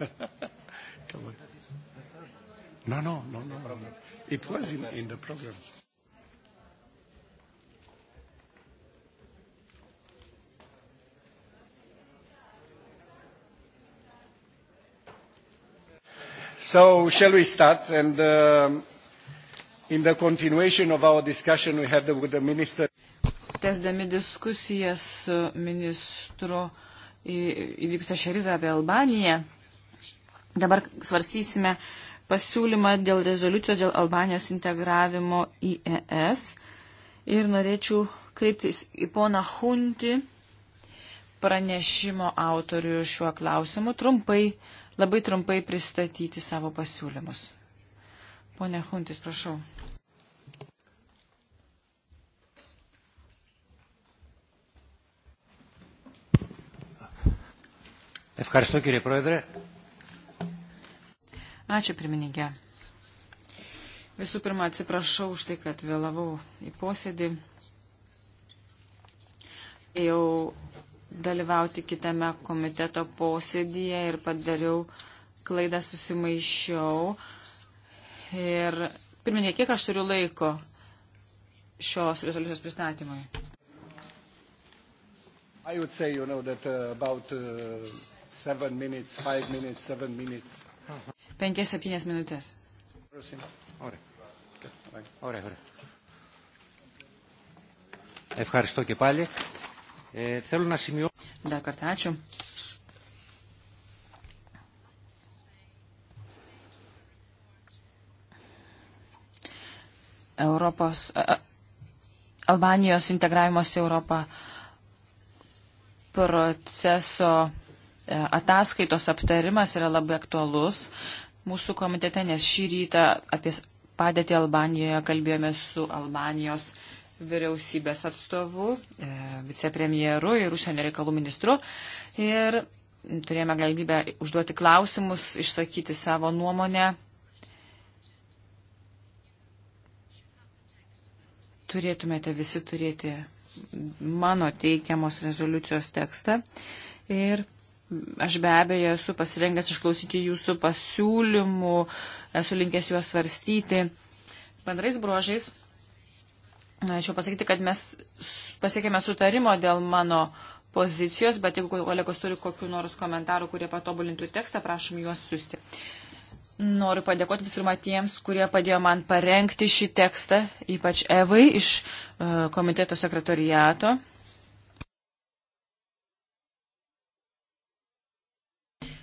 Come on. No, no, no, no. no. It was in, in the program. So shall we start? And um, in the continuation of our discussion we had the, with the minister. Tesdami diskusijas su ministru įvykusią šį rytą apie Albaniją. Dabar svarstysime pasiūlymą dėl rezoliucijos dėl Albanijos integravimo į ES. Ir norėčiau kreiptis į poną Hunti, pranešimo autorių šiuo klausimu, trumpai, labai trumpai pristatyti savo pasiūlymus. Pone Huntis, prašau. Ευχαριστώ κύριε Πρόεδρε. Ačiū, pirmininkė. Visų pirma, atsiprašau už tai, kad vėlavau į posėdį. Jau dalyvauti kitame komiteto posėdyje ir padariau klaidą, susimaišiau. Ir pirmininkė, kiek aš turiu laiko šios rezoliucijos pristatymui? I would say, you know, that uh, about uh, seven minutes, five minutes, seven minutes. 5-7 minutės. Ωραία, ωραία. Ευχαριστώ και πάλι. Ε, θέλω να σημειώσω... Dar kartą ačiū. Europos, a, Albanijos integravimos į Europą proceso e, ataskaitos aptarimas yra labai aktualus mūsų komitete, nes šį rytą apie padėtį Albanijoje kalbėjome su Albanijos vyriausybės atstovu, e, vicepremjeru ir užsienio reikalų ministru. Ir turėjome galimybę užduoti klausimus, išsakyti savo nuomonę. Turėtumėte visi turėti mano teikiamos rezoliucijos tekstą. Ir Aš be abejo esu pasirengęs išklausyti jūsų pasiūlymų, esu linkęs juos svarstyti. Bendrais bruožais, norėčiau pasakyti, kad mes pasiekėme sutarimo dėl mano pozicijos, bet jeigu kolegos turi kokiu nors komentarų, kurie patobulintų tekstą, prašom juos siūsti. Noriu padėkoti visų pirma tiems, kurie padėjo man parengti šį tekstą, ypač Evai iš e, komiteto sekretoriato.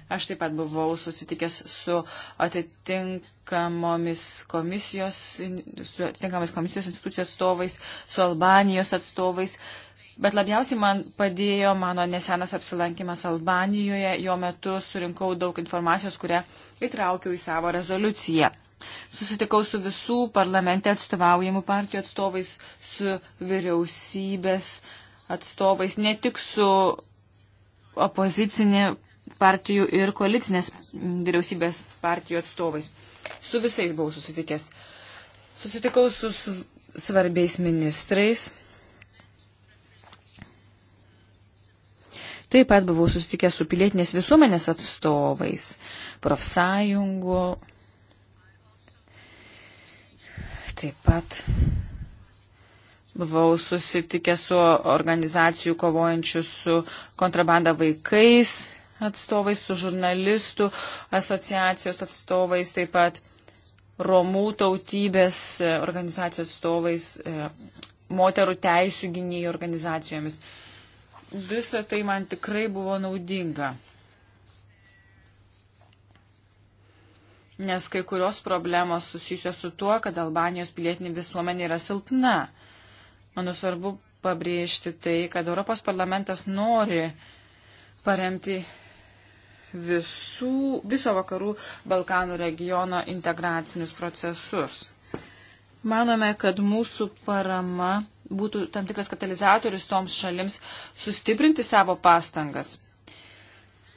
Aš taip pat buvau susitikęs su atitinkamomis komisijos, su atitinkamomis komisijos institucijos atstovais, su Albanijos atstovais. Bet labiausiai man padėjo mano nesenas apsilankimas Albanijoje. Jo metu surinkau daug informacijos, kurią įtraukiau į savo rezoliuciją. Susitikau su visų parlamente atstovaujamų partijų atstovais, su vyriausybės atstovais, ne tik su opozicinė partijų ir koalicinės vyriausybės partijų atstovais. Su visais buvau susitikęs. Susitikau su svarbiais ministrais. Taip pat buvau susitikęs su pilietinės visuomenės atstovais, profsąjungų. Taip pat buvau susitikęs su organizacijų kovojančių su kontrabanda vaikais atstovais, su žurnalistų asociacijos atstovais, taip pat Romų tautybės e, organizacijos atstovais, e, moterų teisų gynėjų organizacijomis. Visa tai man tikrai buvo naudinga. Nes kai kurios problemos susijusios su tuo, kad Albanijos pilietinė visuomenė yra silpna. Manau svarbu pabrėžti tai, kad Europos parlamentas nori paremti visų, viso vakarų Balkanų regiono integracinius procesus. Manome, kad mūsų parama būtų tam tikras katalizatorius toms šalims sustiprinti savo pastangas.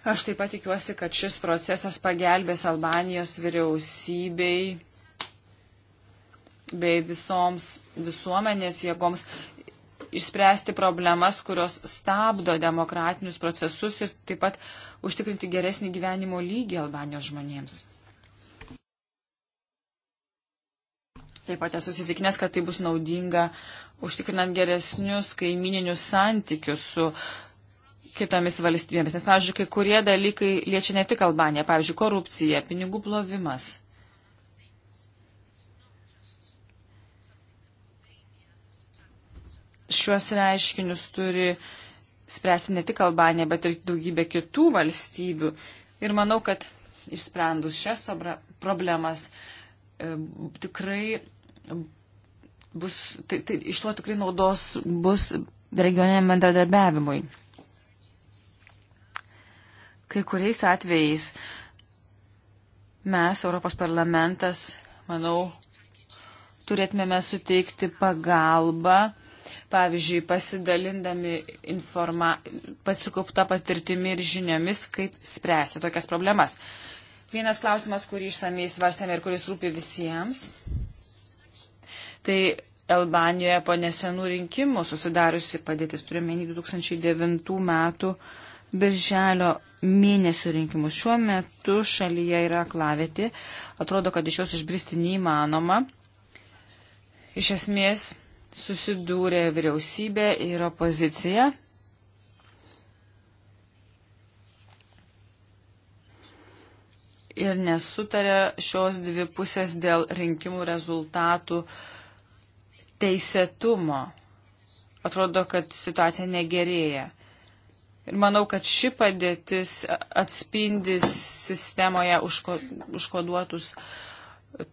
Aš taip pat tikiuosi, kad šis procesas pagelbės Albanijos vyriausybei bei visoms visuomenės jėgoms išspręsti problemas, kurios stabdo demokratinius procesus ir taip pat užtikrinti geresnį gyvenimo lygį Albanijos žmonėms. Taip pat esu susitikinęs, kad tai bus naudinga užtikrinant geresnius kaimininius santykius su kitomis valstybėmis. Nes, pavyzdžiui, kai kurie dalykai liečia ne tik Albaniją, pavyzdžiui, korupcija, pinigų plovimas. šiuos reiškinius turi spręsti ne tik Albanija, bet ir daugybė kitų valstybių. Ir manau, kad išsprendus šias problemas e, tikrai bus, tai, tai iš to tikrai naudos bus regioniniam bendradarbiavimui. Kai kuriais atvejais mes, Europos parlamentas, manau, turėtumėme suteikti pagalbą pavyzdžiui, pasidalindami informa, pasikaupta patirtimi ir žiniomis, kaip spręsti tokias problemas. Vienas klausimas, kurį išsamei svarstėme ir kuris rūpi visiems, tai Albanijoje po nesenų rinkimų susidariusi padėtis, turiuomenį 2009 metų birželio mėnesio rinkimus. Šiuo metu šalyje yra aklavėti, atrodo, kad iš jos išbristi neįmanoma. Iš esmės, susidūrė vyriausybė ir opozicija. Ir nesutarė šios dvi pusės dėl rinkimų rezultatų teisėtumo. Atrodo, kad situacija negerėja. Ir manau, kad ši padėtis atspindi sistemoje užko, užkoduotus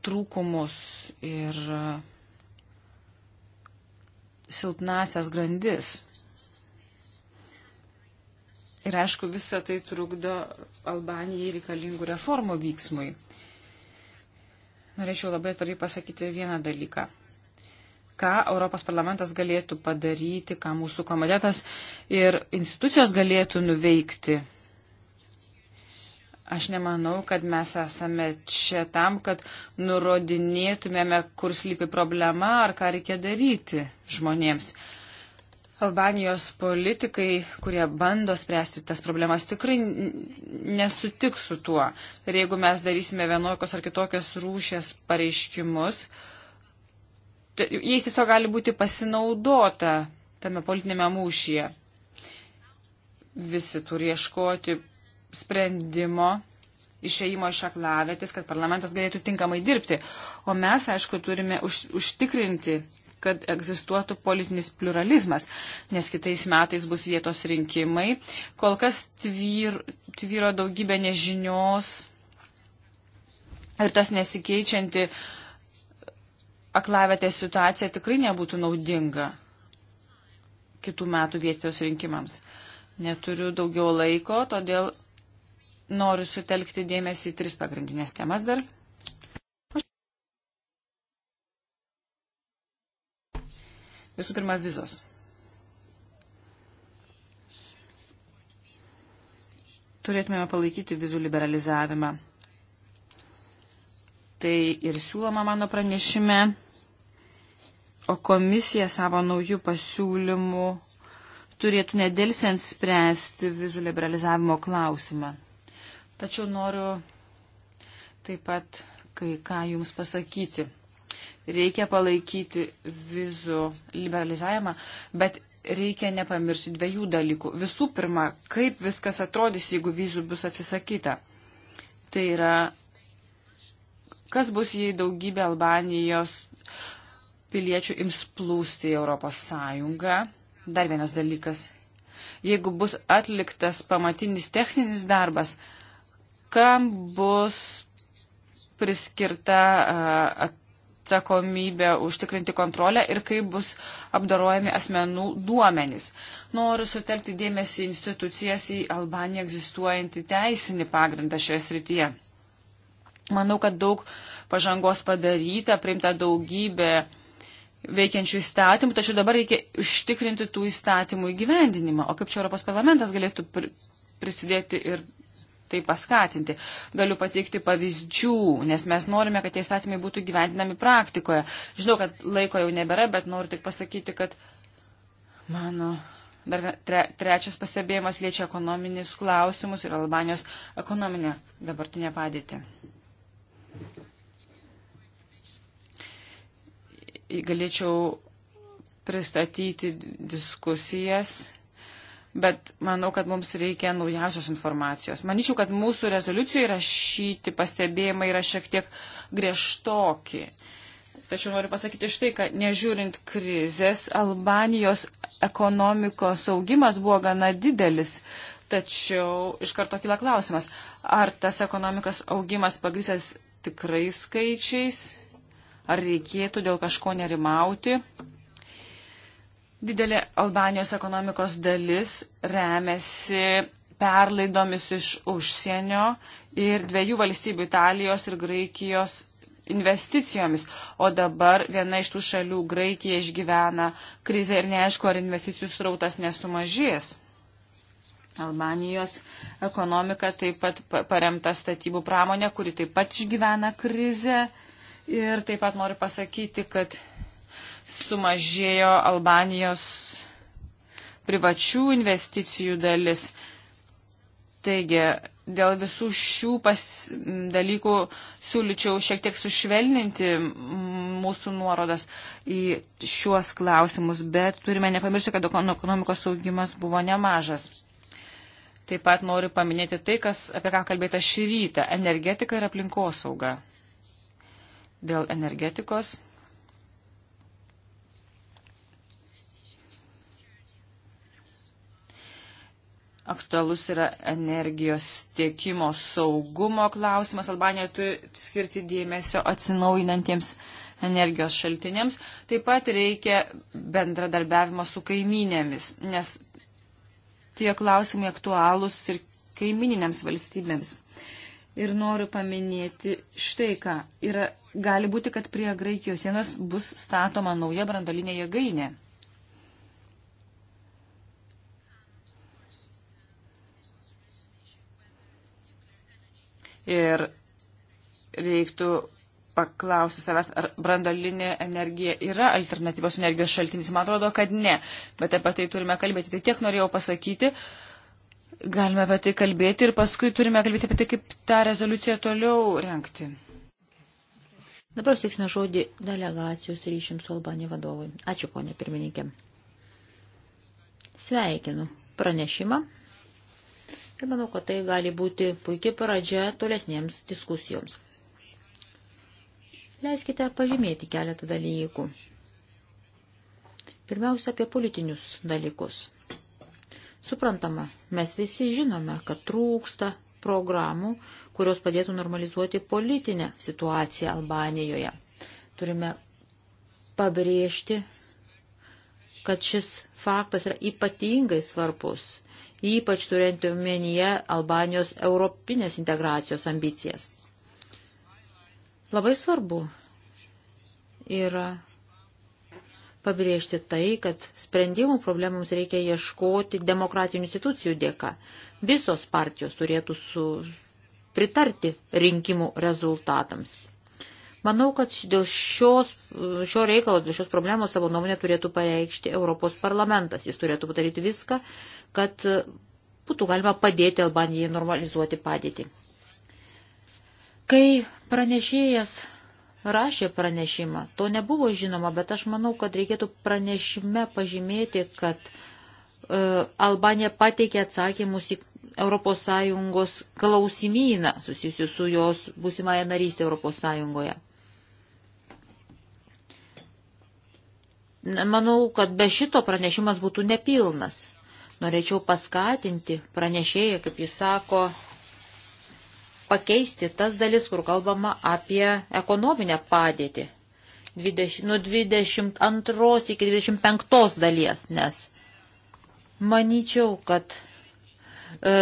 trūkumus ir uh, silpnasias grandis. Ir aišku, visa tai trukdo Albanijai reikalingų reformų vyksmui. Norėčiau labai atvarai pasakyti vieną dalyką. Ką Europos parlamentas galėtų padaryti, ką mūsų komitetas ir institucijos galėtų nuveikti Aš nemanau, kad mes esame čia tam, kad nurodinėtumėme, kur slypi problema ar ką reikia daryti žmonėms. Albanijos politikai, kurie bando spręsti tas problemas, tikrai nesutiks su tuo. Ir jeigu mes darysime vienokios ar kitokios rūšės pareiškimus, tai jais tiesiog gali būti pasinaudota tame politinėme mūšyje. Visi turi ieškoti sprendimo išeimo iš aklavėtis, kad parlamentas galėtų tinkamai dirbti. O mes, aišku, turime už, užtikrinti, kad egzistuotų politinis pluralizmas, nes kitais metais bus vietos rinkimai. Kol kas tvyr, tvyro daugybė nežinios ir tas nesikeičianti aklavėtės situacija tikrai nebūtų naudinga kitų metų vietos rinkimams. Neturiu daugiau laiko, todėl noriu sutelkti dėmesį į tris pagrindinės temas dar. Visų pirma, vizos. Turėtumėme palaikyti vizų liberalizavimą. Tai ir siūloma mano pranešime, o komisija savo naujų pasiūlymų turėtų nedelsiant spręsti vizų liberalizavimo klausimą. Tačiau noriu taip pat kai ką jums pasakyti. Reikia palaikyti vizų liberalizavimą, bet reikia nepamiršti dviejų dalykų. Visų pirma, kaip viskas atrodys, jeigu vizų bus atsisakyta. Tai yra, kas bus, jei daugybė Albanijos piliečių ims plūsti į Europos Sąjungą. Dar vienas dalykas. Jeigu bus atliktas pamatinis techninis darbas, kam bus priskirta atsakomybė užtikrinti kontrolę ir kaip bus apdarojami asmenų duomenys. Noriu sutelkti dėmesį institucijas į Albaniją egzistuojantį teisinį pagrindą šioje srityje. Manau, kad daug pažangos padaryta, priimta daugybė veikiančių įstatymų, tačiau dabar reikia užtikrinti tų įstatymų įgyvendinimą. O kaip čia Europos parlamentas galėtų prisidėti ir tai paskatinti. Galiu pateikti pavyzdžių, nes mes norime, kad tie įstatymai būtų gyventinami praktikoje. Žinau, kad laiko jau nebėra, bet noriu tik pasakyti, kad mano. Dar tre, trečias pastebėjimas liečia ekonominius klausimus ir Albanijos ekonominę dabartinę padėtį. Galėčiau pristatyti diskusijas bet manau, kad mums reikia naujausios informacijos. Manyčiau, kad mūsų rezoliucijai rašyti pastebėjimai yra šiek tiek griežtoki. Tačiau noriu pasakyti štai, kad nežiūrint krizės, Albanijos ekonomikos augimas buvo gana didelis. Tačiau iš karto kila klausimas, ar tas ekonomikos augimas pagrysęs tikrai skaičiais, ar reikėtų dėl kažko nerimauti. Didelė Albanijos ekonomikos dalis remiasi perlaidomis iš užsienio ir dviejų valstybių Italijos ir Graikijos investicijomis. O dabar viena iš tų šalių, Graikija, išgyvena krizę ir neaišku, ar investicijų srautas nesumažės. Albanijos ekonomika taip pat paremta statybų pramonė, kuri taip pat išgyvena krizę. Ir taip pat noriu pasakyti, kad sumažėjo Albanijos privačių investicijų dalis. Taigi, dėl visų šių pas, dalykų siūlyčiau šiek tiek sušvelninti mūsų nuorodas į šiuos klausimus, bet turime nepamiršti, kad ekonomikos augimas buvo nemažas. Taip pat noriu paminėti tai, kas, apie ką kalbėta šį rytą - energetika ir aplinkosauga. Dėl energetikos aktualus yra energijos tiekimo saugumo klausimas. Albanija turi skirti dėmesio atsinaujinantiems energijos šaltiniams. Taip pat reikia bendradarbiavimo su kaiminėmis, nes tie klausimai aktualūs ir kaimininėms valstybėms. Ir noriu paminėti štai ką. Yra, gali būti, kad prie Graikijos sienos bus statoma nauja brandalinė jėgainė. Ir reiktų paklausti savęs, ar brandolinė energija yra alternatyvos energijos šaltinis. Man atrodo, kad ne, bet apie tai turime kalbėti. Tai tiek norėjau pasakyti. Galime apie tai kalbėti ir paskui turime kalbėti apie tai, kaip tą rezoliuciją toliau renkti. Dabar sėksime žodį delegacijos ryšim su Albanija vadovui. Ačiū, ponė pirmininkė. Sveikinu pranešimą Ir manau, kad tai gali būti puikia pradžia tolesniems diskusijoms. Leiskite pažymėti keletą dalykų. Pirmiausia, apie politinius dalykus. Suprantama, mes visi žinome, kad trūksta programų, kurios padėtų normalizuoti politinę situaciją Albanijoje. Turime pabrėžti, kad šis faktas yra ypatingai svarbus ypač turint omenyje Albanijos europinės integracijos ambicijas. Labai svarbu yra pabrėžti tai, kad sprendimų problemams reikia ieškoti demokratinių institucijų dėka. Visos partijos turėtų su, pritarti rinkimų rezultatams. Manau, kad dėl šios, šio reikalo, dėl šios problemos savo nuomonę turėtų pareikšti Europos parlamentas. Jis turėtų padaryti viską, kad e, būtų galima padėti Albanijai normalizuoti padėtį. Kai pranešėjas rašė pranešimą, to nebuvo žinoma, bet aš manau, kad reikėtų pranešime pažymėti, kad e, Albanija pateikė atsakymus į ES klausimyną susijusiu su jos būsimąją narystę ES. Manau, kad be šito pranešimas būtų nepilnas. Norėčiau paskatinti pranešėją, kaip jis sako, pakeisti tas dalis, kur kalbama apie ekonominę padėtį. 20, nuo 22 iki 25 dalies, nes manyčiau, kad e,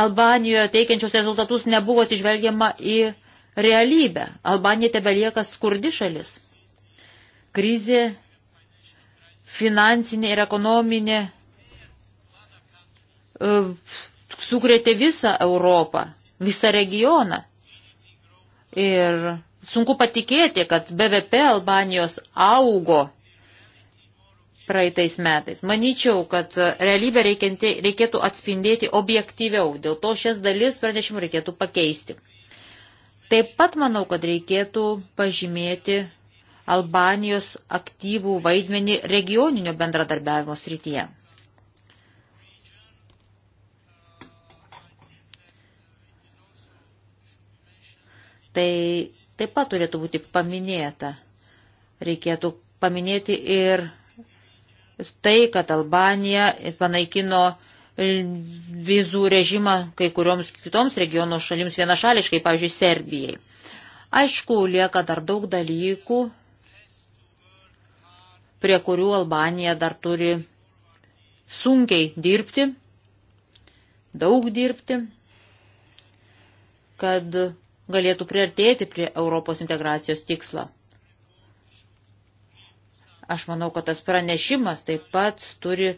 Albanijoje teikiančios rezultatus nebuvo atsižvelgiama į realybę. Albanija tebelieka skurdi šalis. Krizė finansinė ir ekonominė e, sukrėtė visą Europą, visą regioną. Ir sunku patikėti, kad BVP Albanijos augo praeitais metais. Manyčiau, kad realybę reikėtų atspindėti objektyviau, dėl to šias dalis pranešimų reikėtų pakeisti. Taip pat manau, kad reikėtų pažymėti Albanijos aktyvų vaidmenį regioninio bendradarbiavimo srityje. Tai taip pat turėtų būti paminėta. Reikėtų paminėti ir tai, kad Albanija panaikino vizų režimą kai kurioms kitoms regiono šalims vienašališkai, pavyzdžiui, Serbijai. Aišku, lieka dar daug dalykų, prie kurių Albanija dar turi sunkiai dirbti, daug dirbti, kad galėtų priartėti prie Europos integracijos tikslo. Aš manau, kad tas pranešimas taip pat turi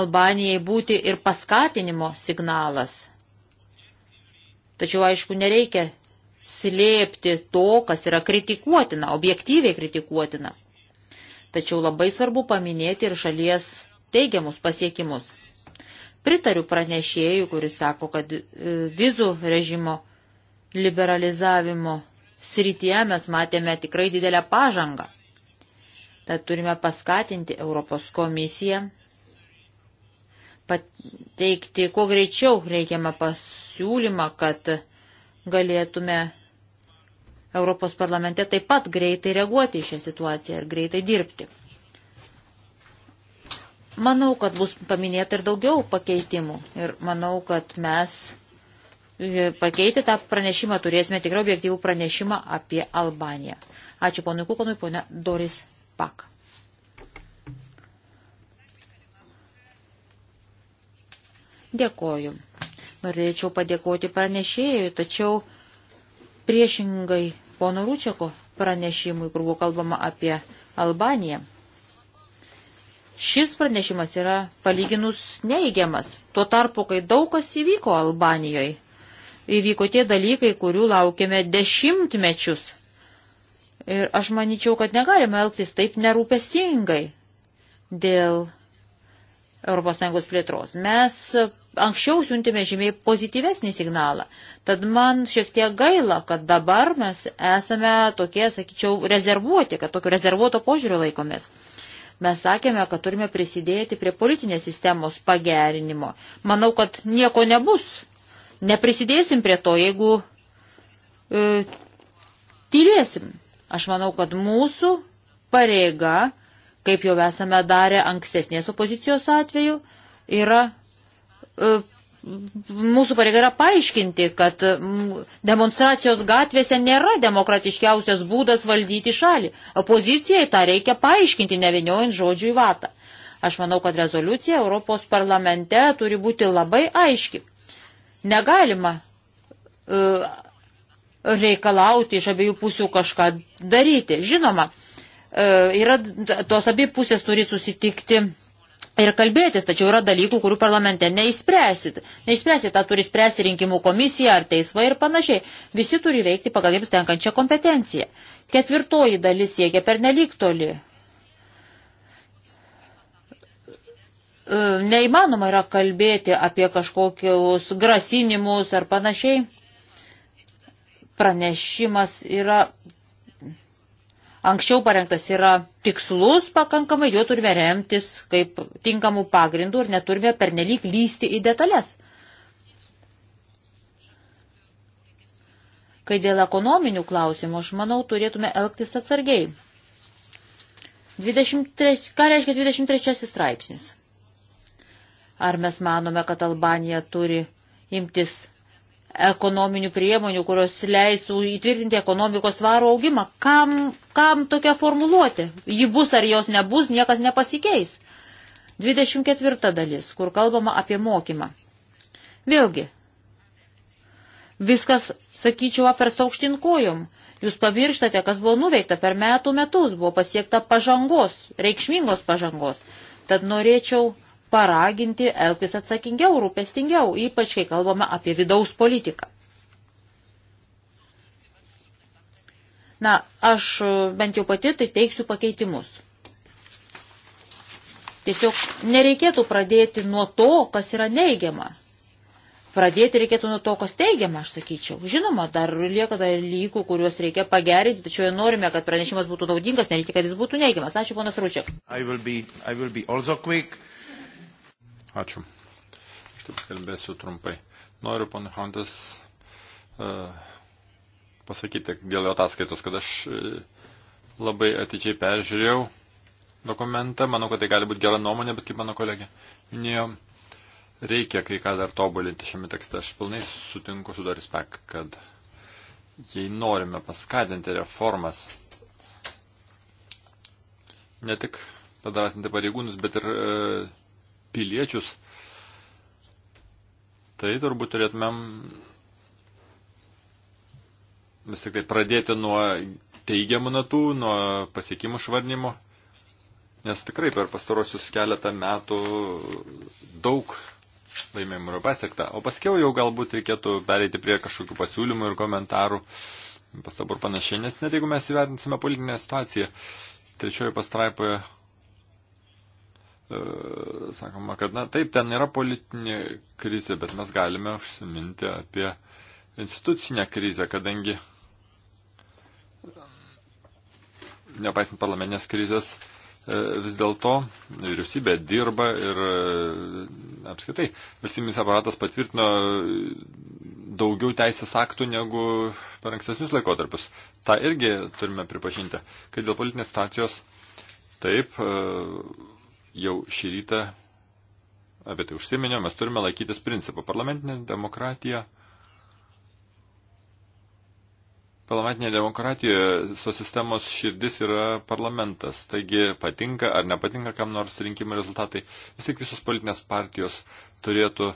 Albanijai būti ir paskatinimo signalas. Tačiau, aišku, nereikia slėpti to, kas yra kritikuotina, objektyviai kritikuotina. Tačiau labai svarbu paminėti ir šalies teigiamus pasiekimus. Pritariu pranešėjui, kuris sako, kad e, vizų režimo liberalizavimo srityje mes matėme tikrai didelę pažangą. Tad turime paskatinti Europos komisiją pateikti kuo greičiau reikiamą pasiūlymą, kad galėtume Europos parlamente taip pat greitai reaguoti į šią situaciją ir greitai dirbti. Manau, kad bus paminėta ir daugiau pakeitimų ir manau, kad mes e, pakeitę tą pranešimą turėsime tikrai objektyvų pranešimą apie Albaniją. Ačiū ponui Kukonui, ponia Doris Pak. Dėkoju. Norėčiau padėkoti pranešėjui, tačiau Priešingai pono Rūčiako pranešimui, kur buvo kalbama apie Albaniją. Šis pranešimas yra palyginus neigiamas. Tuo tarpu, kai daug kas įvyko Albanijoje, įvyko tie dalykai, kurių laukėme dešimtmečius. Ir aš manyčiau, kad negalime elgtis taip nerūpestingai dėl ES plėtros. Mes anksčiau siuntėme žymiai pozityvesnį signalą. Tad man šiek tiek gaila, kad dabar mes esame tokie, sakyčiau, rezervuoti, kad tokio rezervuoto požiūrio laikomės. Mes sakėme, kad turime prisidėti prie politinės sistemos pagerinimo. Manau, kad nieko nebus. Neprisidėsim prie to, jeigu e, tylėsim. Aš manau, kad mūsų pareiga kaip jau esame darę ankstesnės opozicijos atveju, yra e, mūsų pareiga yra paaiškinti, kad demonstracijos gatvėse nėra demokratiškiausias būdas valdyti šalį. Opozicijai tą reikia paaiškinti, neviniojant žodžių į vatą. Aš manau, kad rezoliucija Europos parlamente turi būti labai aiški. Negalima e, reikalauti iš abiejų pusių kažką daryti. Žinoma, E, yra, tos abi pusės turi susitikti ir kalbėtis, tačiau yra dalykų, kurių parlamente neįspręsit. Neįspręsit, tą turi spręsti rinkimų komisija ar teismai ir panašiai. Visi turi veikti pagal jiems tenkančią kompetenciją. Ketvirtoji dalis siekia per nelik toli. E, neįmanoma yra kalbėti apie kažkokius grasinimus ar panašiai. Pranešimas yra anksčiau parengtas yra tikslus pakankamai, jo turime remtis kaip tinkamų pagrindų ir neturime pernelyg lysti į detalės. Kai dėl ekonominių klausimų, aš manau, turėtume elgtis atsargiai. 23, ką reiškia 23 straipsnis? Ar mes manome, kad Albanija turi imtis ekonominių priemonių, kurios leistų įtvirtinti ekonomikos tvarų augimą. Kam, kam tokia formuluoti? Ji bus ar jos nebus, niekas nepasikeis. 24 dalis, kur kalbama apie mokymą. Vėlgi, viskas, sakyčiau, apversta aukštin kojom. Jūs pamirštate, kas buvo nuveikta per metų metus, buvo pasiekta pažangos, reikšmingos pažangos. Tad norėčiau paraginti elgtis atsakingiau, rūpestingiau, ypač kai kalbame apie vidaus politiką. Na, aš bent jau pati tai teiksiu pakeitimus. Tiesiog nereikėtų pradėti nuo to, kas yra neigiama. Pradėti reikėtų nuo to, kas teigiama, aš sakyčiau. Žinoma, dar lieka dalykų, kuriuos reikia pagerinti, tačiau jei norime, kad pranešimas būtų naudingas, nereikia, kad jis būtų neigiamas. Ačiū, ponas Rūčiak. I will be, I will be Ačiū. Aš taip kalbėsiu trumpai. Noriu, pana Hontas, e, pasakyti dėl jo ataskaitos, kad aš e, labai atidžiai peržiūrėjau dokumentą. Manau, kad tai gali būti gera nuomonė, bet kaip mano kolegė minėjo, reikia kai ką dar tobulinti šiame tekste. Aš pilnai sutinku su Doris Pek, kad jei norime paskatinti reformas, ne tik padrasinti pareigūnus, bet ir e, piliečius, tai turbūt turėtumėm vis tik tai pradėti nuo teigiamų natų, nuo pasiekimų švarnimo, nes tikrai per pastarosius keletą metų daug laimėjimų yra pasiekta, o paskiau jau galbūt reikėtų pereiti prie kažkokių pasiūlymų ir komentarų, pastabų ir panašiai, nes net jeigu mes įvertinsime politinę situaciją, trečiojo pastraipoje E, sakoma, kad, na, taip, ten yra politinė krizė, bet mes galime užsiminti apie institucinę krizę, kadangi, nepaisant parlamentinės krizės, e, vis dėlto vyriausybė dirba ir e, apskaitai valstybinis aparatas patvirtino daugiau teisės aktų negu per ankstesnius laikotarpius. Ta irgi turime pripažinti, kad dėl politinės stacijos taip jau šį rytą apie tai užsiminiau, mes turime laikytis principų. Parlamentinė demokratija. Parlamentinėje demokratijoje so sistemos širdis yra parlamentas, taigi patinka ar nepatinka kam nors rinkimų rezultatai, vis tik visos politinės partijos turėtų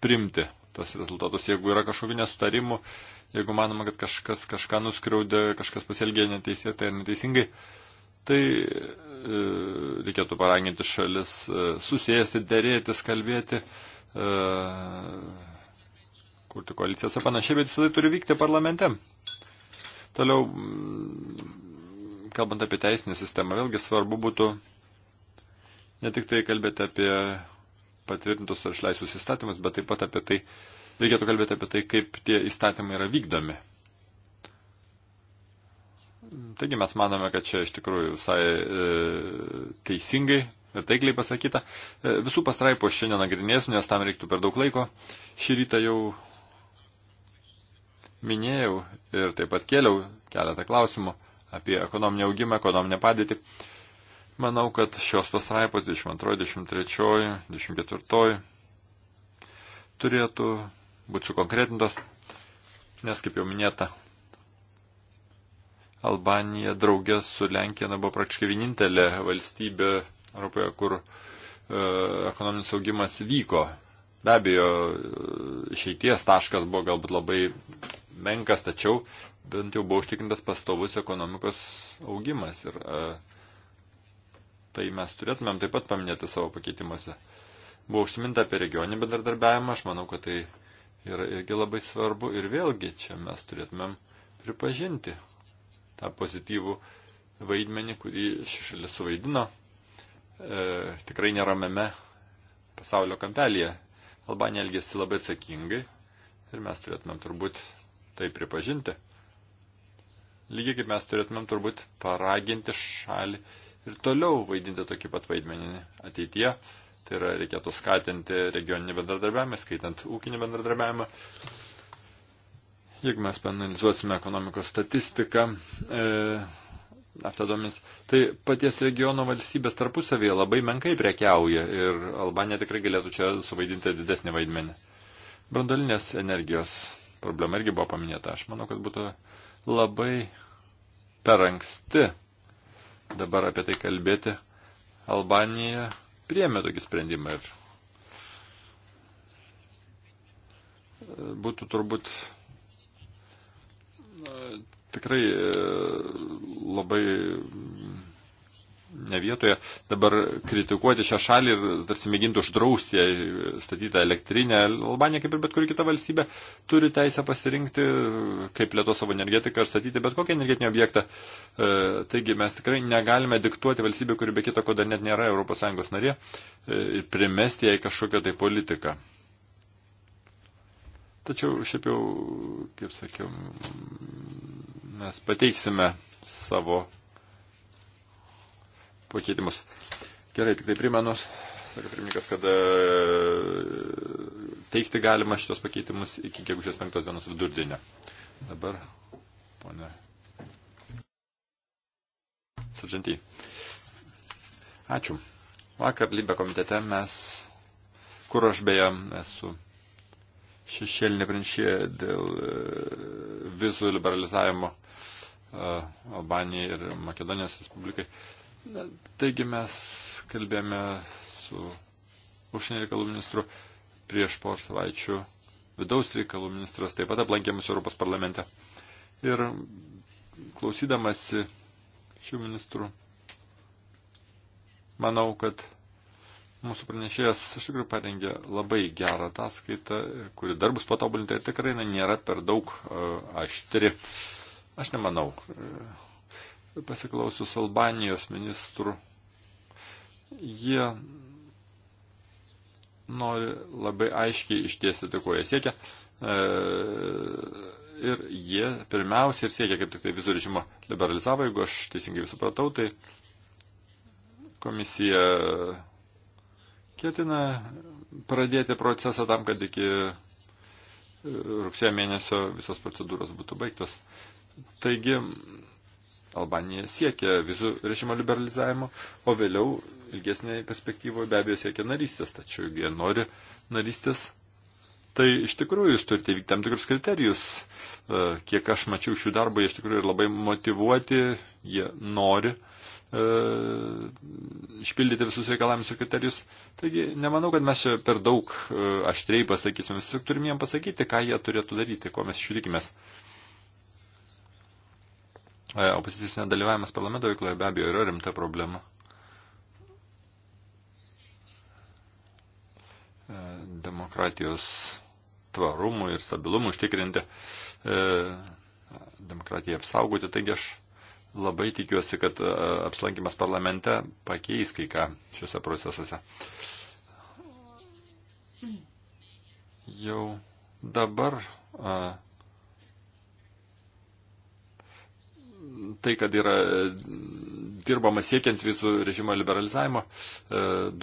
primti tas rezultatus. Jeigu yra kažkokių nesutarimų, jeigu manoma, kad kažkas kažką nuskriaudė, kažkas pasielgė neteisėtai ar neteisingai, tai E, reikėtų paraginti šalis e, susijęsti, dėrėtis, kalbėti, e, kurti koalicijas ar panašiai, bet jisai turi vykti parlamente. Toliau, mm, kalbant apie teisinę sistemą, vėlgi svarbu būtų ne tik tai kalbėti apie patvirtintus ar išleistus įstatymus, bet taip pat apie tai, reikėtų kalbėti apie tai, kaip tie įstatymai yra vykdomi. Taigi mes manome, kad čia iš tikrųjų visai e, teisingai ir taikliai pasakyta. E, visų pastraipų aš šiandien nagrinėsiu, nes tam reiktų per daug laiko. Šį rytą jau minėjau ir taip pat kėliau keletą klausimų apie ekonominį augimą, ekonominę padėtį. Manau, kad šios pastraipos 22, 23, 24 turėtų būti sukonkretintas, nes, kaip jau minėta, Albanija draugė su Lenkija na, buvo praktiškai vienintelė valstybė Europoje, kur e, ekonominis augimas vyko. Be abejo, e, išeities taškas buvo galbūt labai menkas, tačiau bent jau buvo užtikrintas pastovus ekonomikos augimas. Ir e, tai mes turėtumėm taip pat paminėti savo pakeitimuose. Buvo užsiminta apie regioninį bendradarbiavimą, aš manau, kad tai yra irgi labai svarbu ir vėlgi čia mes turėtumėm pripažinti, tą pozityvų vaidmenį, kurį ši šalis suvaidino e, tikrai neramiame pasaulio kampelėje. Albanija elgėsi labai atsakingai ir mes turėtumėm turbūt tai pripažinti. Lygiai kaip mes turėtumėm turbūt paraginti šalį ir toliau vaidinti tokį pat vaidmenį ateityje. Tai yra reikėtų skatinti regioninį bendradarbiavimą, skaitant ūkinį bendradarbiavimą. Jeigu mes panalizuosime ekonomikos statistiką, e, naftadomis. Tai paties regiono valstybės tarpusavėje labai menkai prekiauja ir Albanija tikrai galėtų čia suvaidinti didesnį vaidmenį. Brandolinės energijos problema irgi buvo paminėta. Aš manau, kad būtų labai per anksti dabar apie tai kalbėti. Albanija priemė tokį sprendimą ir būtų turbūt tikrai e, labai ne vietoje dabar kritikuoti šią šalį ir tarsi mėginti uždrausti jai statytą elektrinę. Albanija, kaip ir bet kuri kita valstybė, turi teisę pasirinkti, kaip plėto savo energetiką ir statyti bet kokį energetinį objektą. E, taigi mes tikrai negalime diktuoti valstybė, kuri be kita ko dar net nėra ES narė, e, ir primesti jai kažkokią tai politiką. Tačiau šiaip jau, kaip sakiau, mes pateiksime savo pakeitimus. Gerai, tik tai primenu, sako pirmininkas, kad e, teikti galima šitos pakeitimus iki gegužės 5 dienos vidurdienio. Dabar, ponė. Sadžantį. Ačiū. Vakar Libė komitete mes, kur aš beje esu šešėlinė pranešė dėl e, vizų liberalizavimo e, Albanijai ir Makedonijos Respublikai. Taigi mes kalbėjome su užsienio reikalų ministru prieš porą savaičių. Vidaus reikalų ministras taip pat aplankė mūsų Europos parlamente. Ir klausydamasi šių ministrų, manau, kad Mūsų pranešėjas iš tikrųjų parengė labai gerą ataskaitą, kuri dar bus patobulinta ir tikrai na, nėra per daug e, aštri. Aš nemanau. E, pasiklausius Albanijos ministrų, jie nori labai aiškiai ištiesyti, ko jie siekia. E, ir jie pirmiausia ir siekia, kaip tik tai vizų režimo liberalizavo, jeigu aš teisingai supratau, tai komisija ketina pradėti procesą tam, kad iki e, rugsėjo mėnesio visos procedūros būtų baigtos. Taigi Albanija siekia vizų režimo liberalizavimo, o vėliau ilgesnėje perspektyvoje be abejo siekia narystės, tačiau jie nori narystės. Tai iš tikrųjų jūs turite vykti tam tikrus kriterijus. E, kiek aš mačiau šių darbų, jie iš tikrųjų labai motivuoti, jie nori E, išpildyti visus reikalavimus ir kriterijus. Taigi nemanau, kad mes čia per daug e, aštriai pasakysime, mes tiesiog turim jiem pasakyti, ką jie turėtų daryti, ko mes iš jų tikimės. E, opozicijos nedalyvavimas parlamento veikloje be abejo yra rimta problema. Demokratijos tvarumui ir stabilumui užtikrinti, demokratiją apsaugoti, taigi aš Labai tikiuosi, kad e, apsilankimas parlamente pakeis kai ką šiuose procesuose. Jau dabar a, e, tai, kad yra e, dirbama siekiant visų režimo liberalizavimo,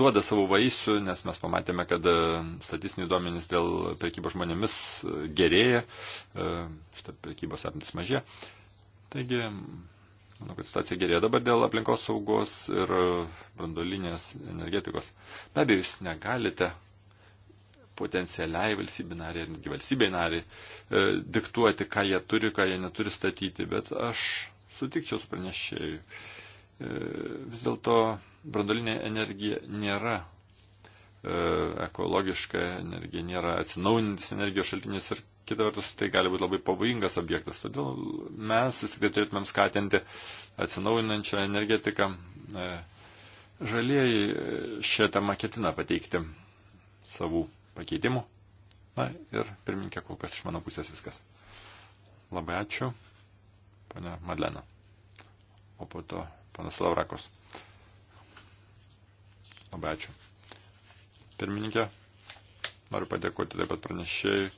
duoda savo vaisių, nes mes pamatėme, kad statistiniai duomenys dėl prekybos žmonėmis gerėja, šitą prekybos apimtis mažėja. Taigi Manau, kad situacija gerėja dabar dėl aplinkos saugos ir e, brandolinės energetikos. Be abejo, jūs negalite potencialiai valstybė nariai ir netgi valstybė nariai e, diktuoti, ką jie turi, ką jie neturi statyti, bet aš sutikčiau su pranešėjui. E, vis dėlto brandolinė energija nėra e, ekologiška energija, nėra atsinaujinantis energijos šaltinis ir kita vertus tai gali būti labai pavojingas objektas. Todėl mes vis tik tai turėtumėm skatinti atsinaujinančią energetiką. E, žalieji e, šią temą ketina pateikti savų pakeitimų. Na ir pirmininkė, kol kas iš mano pusės viskas. Labai ačiū, ponia Madlena. O po to panas Lavrakos. Labai ačiū. Pirmininkė, noriu padėkoti taip pat pranešėjai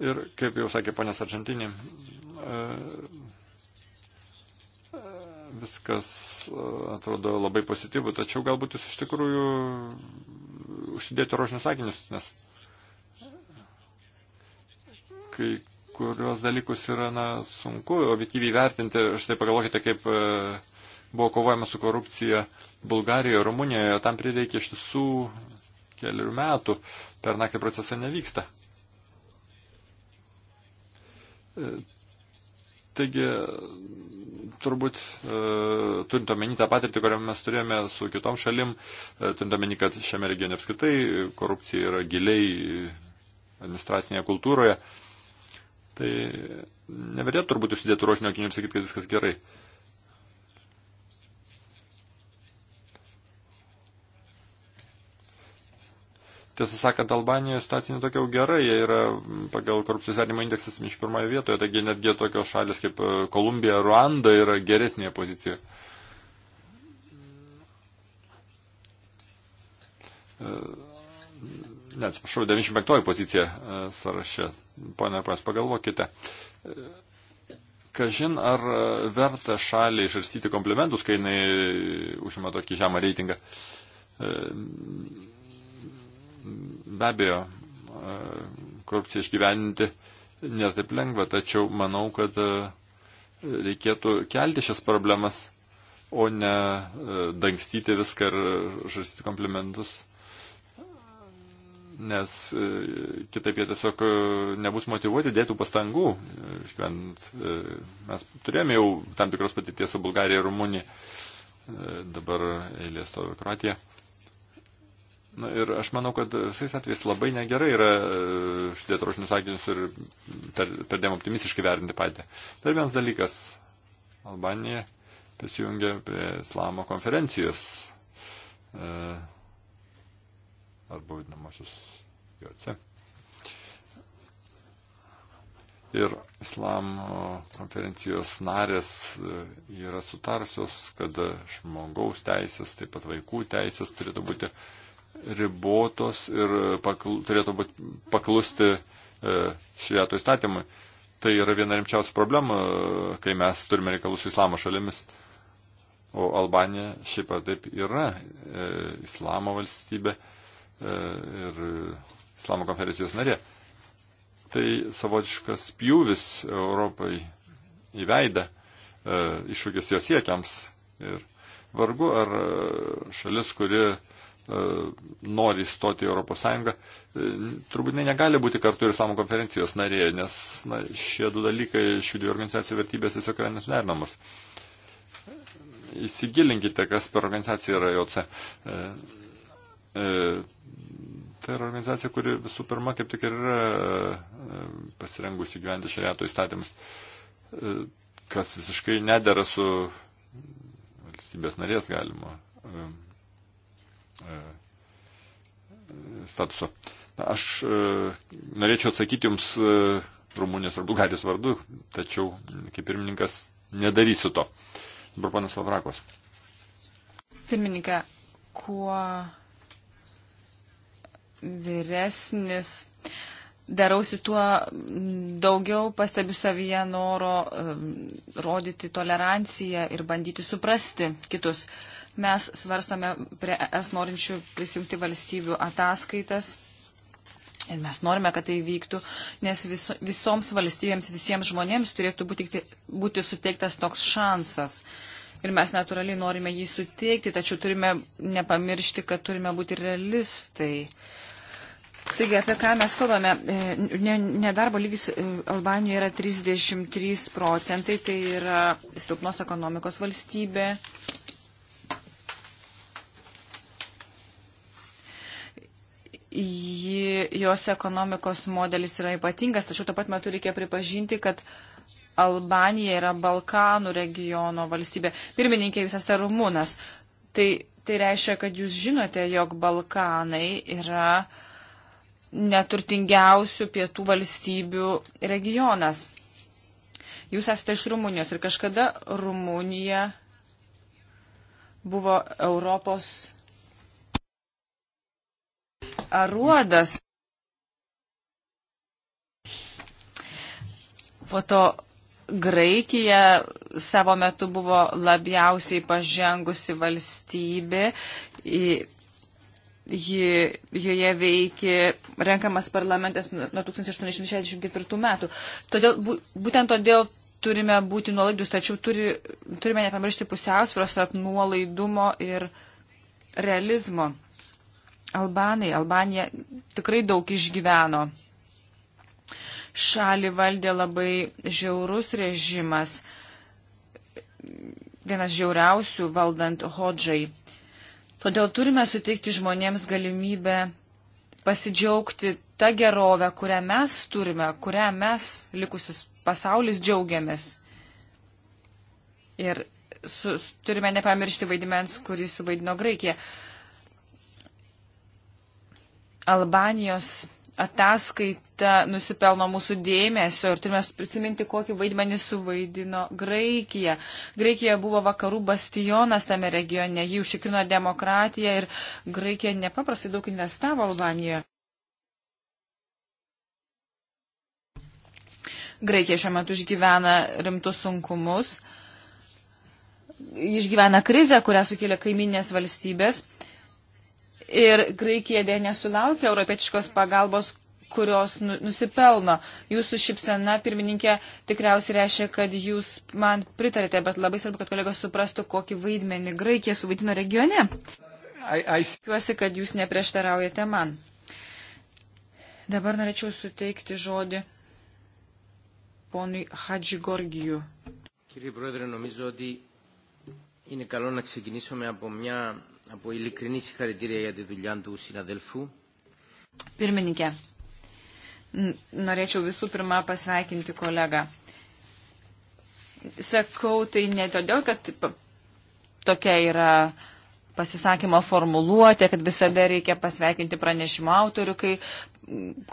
Ir, kaip jau sakė ponės Argentinį, e, viskas atrodo labai pozityvų, tačiau galbūt jūs iš tikrųjų užsidėti rožinius akinius, nes kai kurios dalykus yra na, sunku objektyviai vertinti. Štai pagalvokite, kaip e, buvo kovojama su korupcija Bulgarijoje, Rumunijoje, tam prireikė iš tiesų kelių metų, per naktį procesai nevyksta. E, taigi, turbūt e, turint omeny tą patirtį, kurią mes turėjome su kitom šalim, e, turint omeny, kad šiame regione apskritai korupcija yra giliai administracinėje kultūroje, tai nevertėtų turbūt užsidėti rožinio akinių ir sakyti, kad viskas gerai. Uh, Tiesą sakant, Albanijoje situacija netokia gera, jie yra pagal korupcijos vertinimo indeksas iš pirmoje vietoje, taigi netgi tokios šalis kaip e, Kolumbija, Ruanda yra geresnėje pozicijoje. Ne, atsiprašau, 95 pozicija e, sąraše. Pone Pras, pagalvokite. E, kažin, ar verta šaliai išrastyti komplimentus, kai jinai užima tokį žemą reitingą Be abejo, e, korupciją išgyveninti nėra taip lengva, tačiau manau, kad e, reikėtų kelti šias problemas, o ne e, dangstyti viską ir žarstyti komplimentus, nes kitaip jie tiesiog nebus motivuoti dėtų pastangų. Išgyvenant, mes turėjome jau tam tikros patirties su Bulgarija ir Rumunija, dabar eilė stovi Kroatija. Na ir aš manau, kad visais atvejais labai negerai yra e, šitie trošinius akinius ir per, per dėm optimistiškai vertinti patį. Dar vienas dalykas. Albanija prisijungė prie islamo konferencijos e, arba vadinamosios JOC. Ir islamo konferencijos narės e, yra sutarusios, kad žmogaus teisės, taip pat vaikų teisės turėtų būti e, ribotos ir pakl, turėtų būti paklusti e, širieto įstatymui. Tai yra viena rimčiausių problemų, e, kai mes turime reikalų su islamo šalimis. O Albanija šiaip ar taip yra e, islamo valstybė e, ir islamo konferencijos narė. Tai savotiškas pjūvis Europai įveida e, iššūkis jos siekiams. Ir vargu ar e, šalis, kuri e, E, nori įstoti į Europos Sąjungą, e, turbūt ne, negali būti kartu ir Islamo konferencijos narė, nes na, šie du dalykai, šių dviejų organizacijų vertybės tiesiog yra nesuderinamos. Įsigilinkite, kas per organizaciją yra JOC. E, e, tai yra organizacija, kuri visų pirma kaip tik ir yra e, pasirengusi gyventi šariato įstatymus, e, kas visiškai nedėra su valstybės narės galimo. E, E, statuso. Na, aš e, norėčiau atsakyti Jums e, Rumunijos ar Bulgarijos vardu, tačiau kaip pirmininkas nedarysiu to. Dabar panas Lavrakos. Pirmininkė, kuo vyresnis darausi, tuo daugiau pastebiu savyje noro rodyti toleranciją ir bandyti suprasti kitus. Uh, Mes svarstame prie es norinčių prisijungti valstybių ataskaitas. Ir mes norime, kad tai vyktų, nes viso, visoms valstybėms, visiems žmonėms turėtų būti, būti suteiktas toks šansas. Ir mes natūraliai norime jį suteikti, tačiau turime nepamiršti, kad turime būti realistai. Taigi, apie ką mes kalbame? E, nedarbo lygis e, Albanijoje yra 33 procentai, tai yra silpnos ekonomikos valstybė. jos ekonomikos modelis yra ypatingas, tačiau tuo pat metu reikia pripažinti, kad Albanija yra Balkanų regiono valstybė. Pirmininkė, jūs esate rumūnas. Tai, tai reiškia, kad jūs žinote, jog Balkanai yra neturtingiausių pietų valstybių regionas. Jūs esate iš Rumunijos ir kažkada Rumunija buvo Europos aruodas. Po to Graikija savo metu buvo labiausiai pažengusi valstybė. Ji, joje veikė renkamas parlamentas nuo 1864 metų. Todėl, būtent todėl turime būti nuolaidus, tačiau turi, turime nepamiršti pusiausvėros tarp nuolaidumo ir realizmo. Albanai, Albanija tikrai daug išgyveno šalį valdė labai žiaurus režimas, vienas žiauriausių valdant hodžai. Todėl turime suteikti žmonėms galimybę pasidžiaugti tą gerovę, kurią mes turime, kurią mes likusis pasaulis džiaugiamės. Ir su, turime nepamiršti vaidmens, kurį suvaidino Graikija. Albanijos ataskaita nusipelno mūsų dėmesio ir turime prisiminti, kokį vaidmenį suvaidino Graikija. Graikija buvo vakarų bastionas tame regione, jį užtikrino demokratiją ir Graikija nepaprastai daug investavo Albanijoje. Graikija šiuo metu išgyvena rimtus sunkumus, išgyvena krizę, kurią sukėlė kaiminės valstybės ir Graikija dėja nesulaukė europietiškos pagalbos kurios nu, nusipelno. Jūsų šipsena, pirmininkė, tikriausiai reiškia, kad jūs man pritarėte, bet labai svarbu, kad kolegos suprastų, kokį vaidmenį Graikija suvaidino regione. Tikiuosi, kad jūs neprieštaraujate man. Dabar norėčiau suteikti žodį ponui Hadži Gorgijų. Κύριε Πρόεδρε, νομίζω ότι είναι καλό να ξεκινήσουμε από μια από ειλικρινή συγχαρητήρια για τη δουλειά του συναδελφού. Pirmininkė, norėčiau visų pirma pasveikinti kolegą. Sakau tai ne todėl, kad tokia yra pasisakymo formuluotė, kad visada reikia pasveikinti pranešimo autorių, kai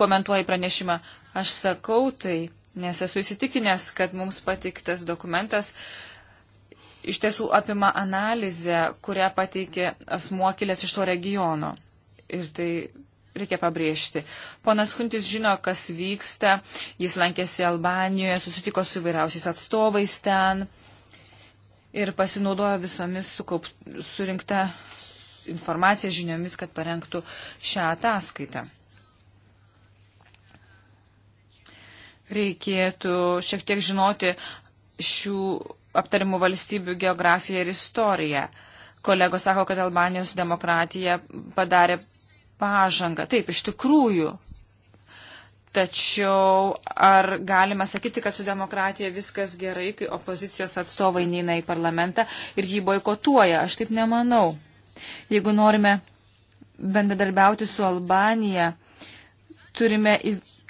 komentuoji pranešimą. Aš sakau tai, nes esu įsitikinęs, kad mums patiktas dokumentas uh, iš tiesų apima analizę, kurią pateikė asmuo kilęs iš to regiono. Ir tai reikia pabrėžti. Ponas Huntis žino, kas vyksta, jis lankėsi Albanijoje, susitiko su vairiausiais atstovais ten ir pasinaudojo visomis sukaup, surinkta informacija žiniomis, kad parengtų šią ataskaitą. Reikėtų šiek tiek žinoti šių aptarimų valstybių geografiją ir istoriją. Kolegos sako, kad Albanijos demokratija padarė pažangą. Taip, iš tikrųjų. Tačiau ar galime sakyti, kad su demokratija viskas gerai, kai opozicijos atstovai neina į parlamentą ir jį boikotuoja? Aš taip nemanau. Jeigu norime bendradarbiauti su Albanija, turime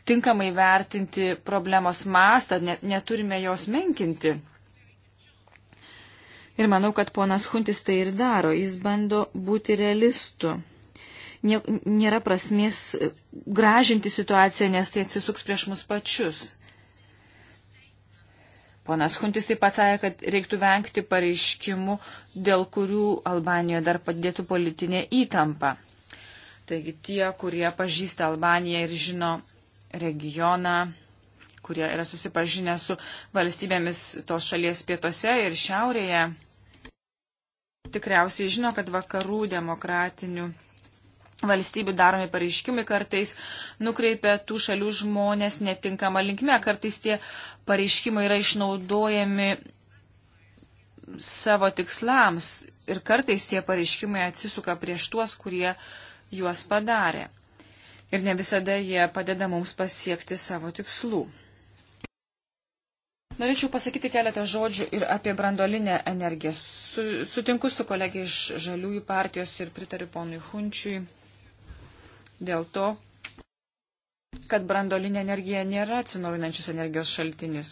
tinkamai vertinti problemos mastą, net, neturime jos menkinti. Ir manau, kad ponas Huntis tai ir daro. Jis bando būti realistu. Nėra prasmės e, gražinti situaciją, nes tai atsisuks prieš mus pačius. Ponas Huntis taip pat sąja, kad reiktų vengti pareiškimų, dėl kurių Albanijoje dar padėtų politinė įtampa. Taigi tie, kurie pažįsta Albaniją ir žino regioną, kurie yra susipažinę su valstybėmis tos šalies pietose ir šiaurėje, tikriausiai žino, kad vakarų demokratinių valstybių daromi pareiškimai kartais nukreipia tų šalių žmonės netinkama linkme, kartais tie pareiškimai yra išnaudojami savo tikslams ir kartais tie pareiškimai atsisuka prieš tuos, kurie juos padarė. Ir ne visada jie padeda mums pasiekti savo tikslų. Norėčiau pasakyti keletą žodžių ir apie brandolinę energiją. Su, sutinku su kolegiai iš Žaliųjų partijos ir pritariu ponui Hunčiui dėl to, kad brandolinė energija nėra atsinaujinančios energijos šaltinis.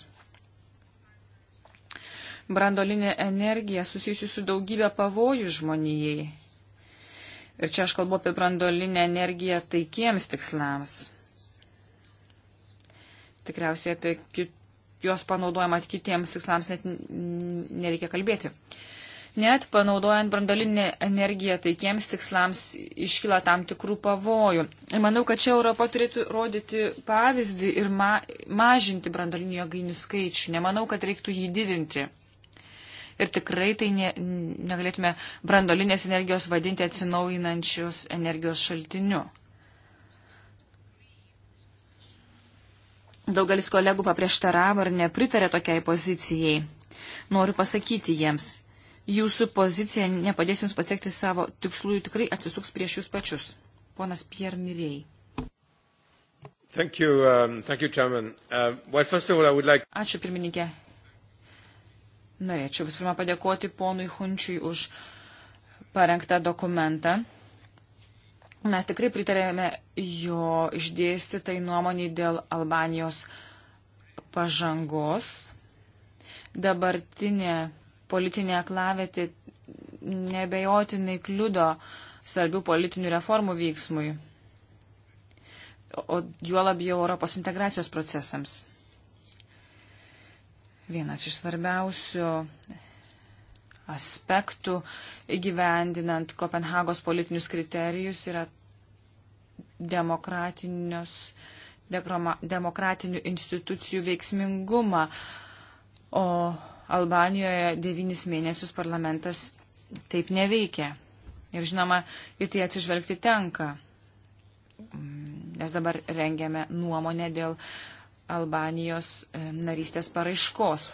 Brandolinė energija susijusi su daugybė pavojų žmonijai. Ir čia aš kalbu apie brandolinę energiją taikiems tikslams. Tikriausiai apie kitų jos panaudojama kitiems tikslams net nereikia kalbėti. Net panaudojant brandalinę energiją taikiems tikslams iškyla tam tikrų pavojų. Ir manau, kad čia Europa turėtų rodyti pavyzdį ir ma mažinti brandalinių jėgainių skaičių. Nemanau, kad reiktų jį didinti. Ir tikrai tai ne, negalėtume brandolinės energijos vadinti atsinaujinančios energijos šaltiniu. Daugelis kolegų paprieštaravo ir nepritarė tokiai pozicijai. Noriu pasakyti jiems, jūsų pozicija nepadės jums pasiekti savo tikslų, jų tikrai atsisuks prieš jūs pačius. Ponas Pierre Mirėjai. Thank you, um, thank you, Chairman. Uh, well, first of all, I would like... Ačiū pirmininkė. Norėčiau vis pirma padėkoti ponui Hunčiui už parengtą dokumentą. Mes tikrai pritarėme jo išdėstytai nuomonį dėl Albanijos pažangos. Dabartinė politinė aklavėti nebejotinai kliudo svarbių politinių reformų vyksmui, o juo labiau Europos integracijos procesams. Vienas iš svarbiausių aspektų įgyvendinant Kopenhagos politinius kriterijus yra demokratinių institucijų veiksmingumą. O Albanijoje devynis mėnesius parlamentas taip neveikia. Ir žinoma, į tai atsižvelgti tenka. Mes dabar rengiame nuomonę dėl Albanijos narystės paraiškos.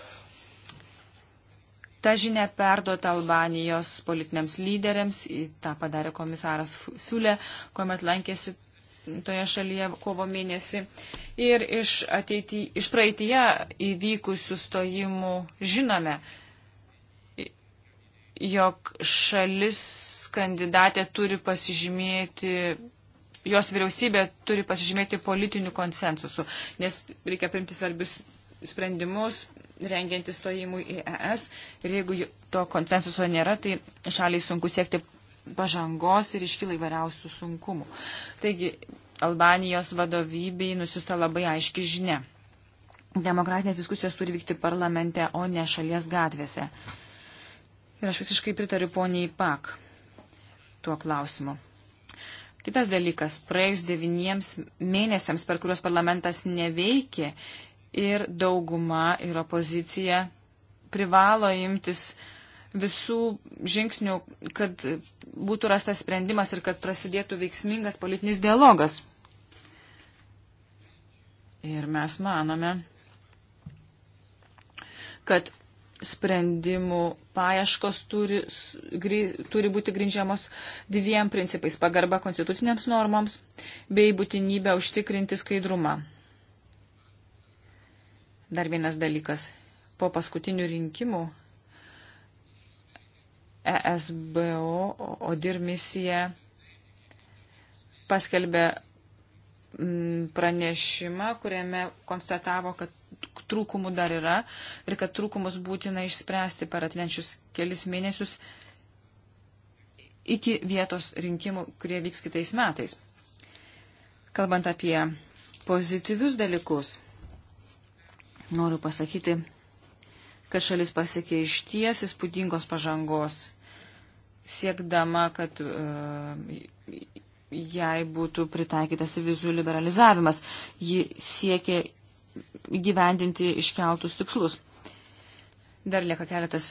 Ta žinia perduota Albanijos politiniams lyderiams, tą padarė komisaras Fiulė, kuomet lankėsi toje šalyje kovo mėnesį. Ir iš, ateity, iš praeitie įvykusių stojimų žinome, jog šalis kandidatė turi pasižymėti jos vyriausybė turi pasižymėti politiniu konsensusu, nes reikia primti svarbius sprendimus, rengiantis stojimui į ES. Ir jeigu to konsensuso nėra, tai šaliai sunku siekti pažangos ir iškyla įvairiausių sunkumų. Taigi Albanijos vadovybei nusista labai aiški žinia. Demokratinės diskusijos turi vykti parlamente, o ne šalies gatvėse. Ir aš visiškai pritariu poniai Pak tuo klausimu. Kitas dalykas, praėjus devyniems mėnesiams, per kuriuos parlamentas neveikė, ir dauguma ir opozicija privalo imtis visų žingsnių, kad būtų rastas sprendimas ir kad prasidėtų veiksmingas politinis dialogas. Ir mes manome, kad sprendimų paieškos turi, gri, turi būti grindžiamos dviem principais - pagarba konstitucinėms normoms bei būtinybė užtikrinti skaidrumą. Dar vienas dalykas. Po paskutinių rinkimų ESBO ODIR misija paskelbė mm, pranešimą, kuriame konstatavo, kad trūkumų dar yra ir kad trūkumus būtina išspręsti per atlenčius kelis mėnesius iki vietos rinkimų, kurie vyks kitais metais. Kalbant apie pozityvius dalykus, Noriu pasakyti, kad šalis pasiekė iš ties įspūdingos pažangos, siekdama, kad uh, jai būtų pritaikytas vizų liberalizavimas. Ji siekė gyvendinti iškeltus tikslus. Dar lieka keletas,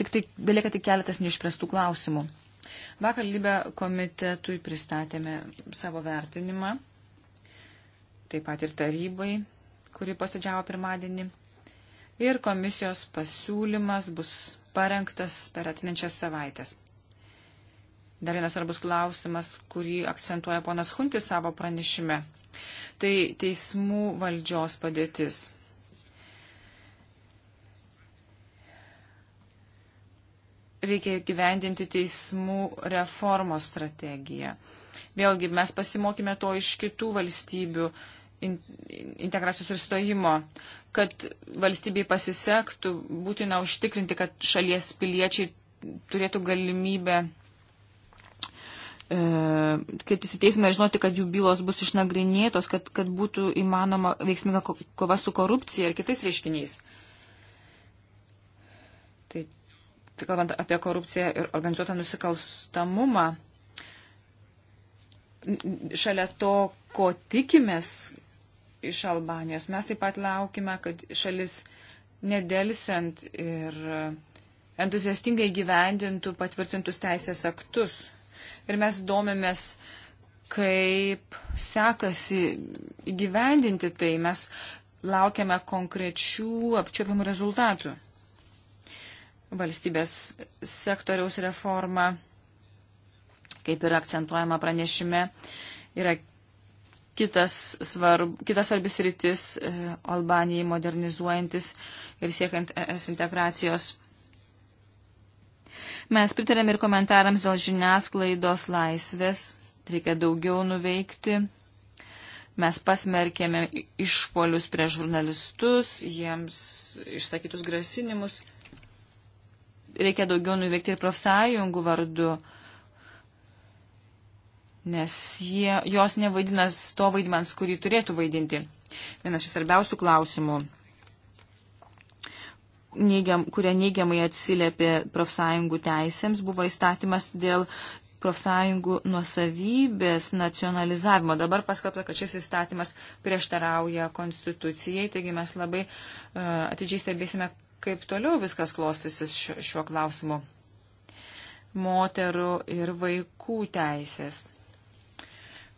tik tai, belieka tik keletas neišspręstų klausimų. Vakar Libė komitetui pristatėme savo vertinimą, taip pat ir tarybai kuri posėdžiavo pirmadienį. Ir komisijos pasiūlymas bus parengtas per atinančias savaitės. Dar vienas svarbus klausimas, kurį akcentuoja ponas Huntis savo pranešime. Tai teismų valdžios padėtis. Reikia gyvendinti teismų reformos strategiją. Vėlgi mes pasimokime to iš kitų valstybių integracijos ir stojimo. Kad valstybei pasisektų, būtina užtikrinti, kad šalies piliečiai turėtų galimybę e, kreiptis į teismą ir žinoti, kad jų bylos bus išnagrinėtos, kad, kad būtų įmanoma veiksminga kova su korupcija ir kitais reiškiniais. Tai, tai kalbant apie korupciją ir organizuotą nusikalstamumą, šalia to, ko tikimės, iš Albanijos. Mes taip pat laukime, kad šalis nedelsiant ir entuziastingai gyvendintų patvirtintus teisės aktus. Ir mes domėmės, kaip sekasi gyvendinti tai. Mes laukiame konkrečių apčiopiamų rezultatų. Valstybės sektoriaus reforma, kaip ir akcentuojama pranešime, yra Kitas, svarb, kitas svarbis rytis e, Albanijai modernizuojantis ir siekiant ES integracijos. Mes pritarėm ir komentarams dėl žiniasklaidos laisvės. Reikia daugiau nuveikti. Mes pasmerkėme išpolius prie žurnalistus, jiems išsakytus grasinimus. Reikia daugiau nuveikti ir profsąjungų vardu nes jie, jos nevaidina to vaidmens, kurį turėtų vaidinti. Vienas iš svarbiausių klausimų, neigiam, kurie neigiamai atsiliepė profsąjungų teisėms, buvo įstatymas dėl profsąjungų nuosavybės nacionalizavimo. Dabar paskelbta, kad šis įstatymas prieštarauja konstitucijai, taigi mes labai uh, atidžiai stebėsime, kaip toliau viskas klostysis šiuo klausimu. Moterų ir vaikų teisės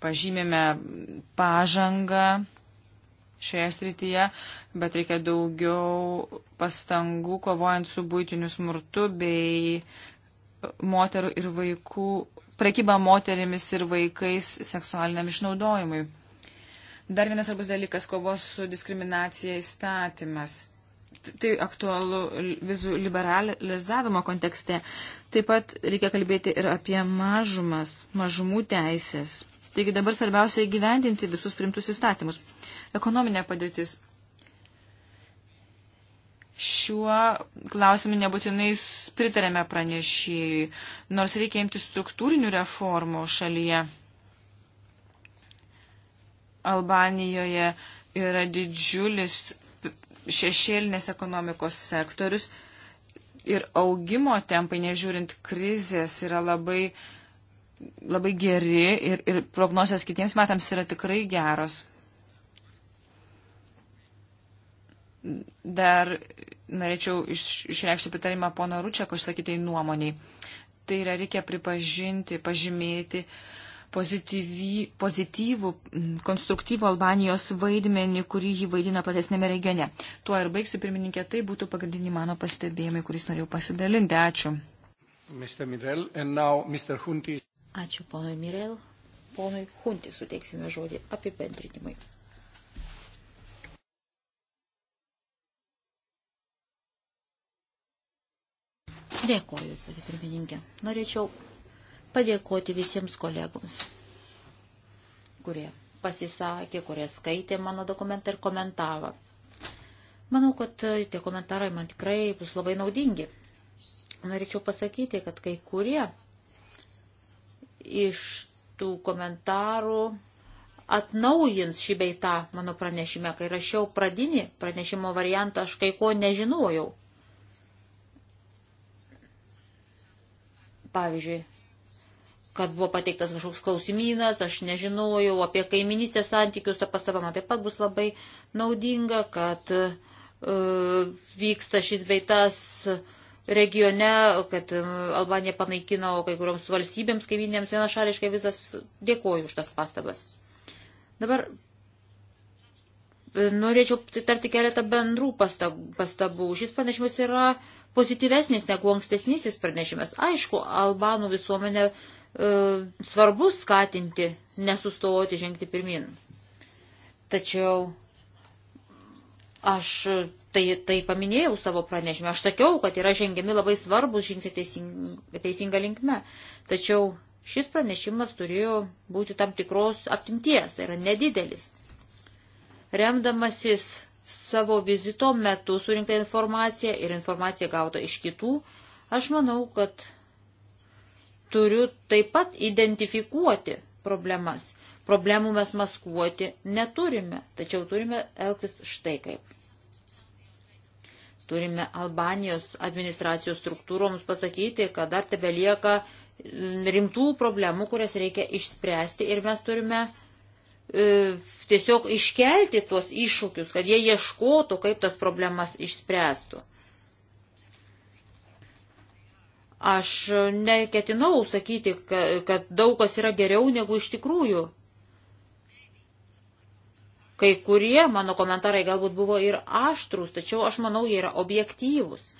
pažymėme pažangą šioje srityje, bet reikia daugiau pastangų kovojant su būtiniu smurtu bei moterų ir vaikų, prekyba moterimis ir vaikais seksualiniam išnaudojimui. Dar vienas svarbus dalykas - kovos su diskriminacija įstatymas. Tai aktualu vizų liberalizavimo kontekste. Taip pat reikia kalbėti ir apie mažumas, mažumų teisės. Taigi dabar svarbiausia įgyvendinti visus primtus įstatymus. Ekonominė padėtis. Šiuo klausimu nebūtinai pritarėme pranešėjui, nors reikia imti struktūrinių reformų šalyje. Albanijoje yra didžiulis šešėlinės ekonomikos sektorius ir augimo tempai, nežiūrint krizės, yra labai uh, labai geri ir, ir prognozijos kitiems metams yra tikrai geros. Dar norėčiau iš, išreikšti pritarimą pono Ručiako išsakytai nuomoniai. Tai yra reikia pripažinti, pažymėti pozityvy, pozityvų, konstruktyvų Albanijos vaidmenį, kurį jį vaidina platesnėme regione. Tuo ir baigsiu, pirmininkė, tai būtų pagrindiniai mano pastebėjimai, kuriais norėjau pasidalinti. Ačiū. Mr. Mirel, and now Mr. Huntis. Ačiū ponui Mirel. Ponui Hunti suteiksime žodį apibendrinimui. Dėkoju, pati pirmininkė. Norėčiau padėkoti visiems kolegoms, kurie pasisakė, kurie skaitė mano dokumentą ir komentavo. Manau, kad tie komentarai man tikrai bus labai naudingi. Norėčiau pasakyti, kad kai kurie iš tų komentarų atnaujins šį beitą mano pranešime. Kai rašiau pradinį pranešimo variantą, aš kai ko nežinojau. Pavyzdžiui, kad buvo pateiktas kažkoks klausimynas, aš nežinojau apie kaiminystės santykius, apie save man taip pat bus labai naudinga, kad uh, vyksta šis beitas uh, regione, kad um, Albanija panaikino kai kurioms valstybėms, kaiminėms vienašališkai visas. Dėkuoju už tas pastabas. Dabar e, norėčiau tarti keletą bendrų pastabų. Šis pranešimas yra pozityvesnis negu ankstesnysis pranešimas. Aišku, Albanų visuomenė e, svarbu skatinti, nesustoti, žengti pirmin. Tačiau Aš tai, tai paminėjau savo pranešime. Aš sakiau, kad yra žengiami labai svarbus žingsniai teisinga, teisinga linkme. Tačiau šis pranešimas turėjo būti tam tikros aptimties, tai yra nedidelis. Remdamasis savo vizito metu surinktą informaciją ir informaciją gautą iš kitų, aš manau, kad turiu taip pat identifikuoti problemas problemų mes maskuoti neturime, tačiau turime elgtis štai kaip. Turime Albanijos administracijos struktūroms pasakyti, kad dar tebe lieka mm, rimtų problemų, kurias reikia išspręsti ir mes turime e, tiesiog iškelti tuos iššūkius, kad jie ieškotų, kaip tas problemas išspręstų. Aš neketinau sakyti, kad daug kas yra geriau negu iš tikrųjų Kai kurie mano komentarai galbūt buvo ir aštrus, tačiau aš manau, jie yra objektyvus.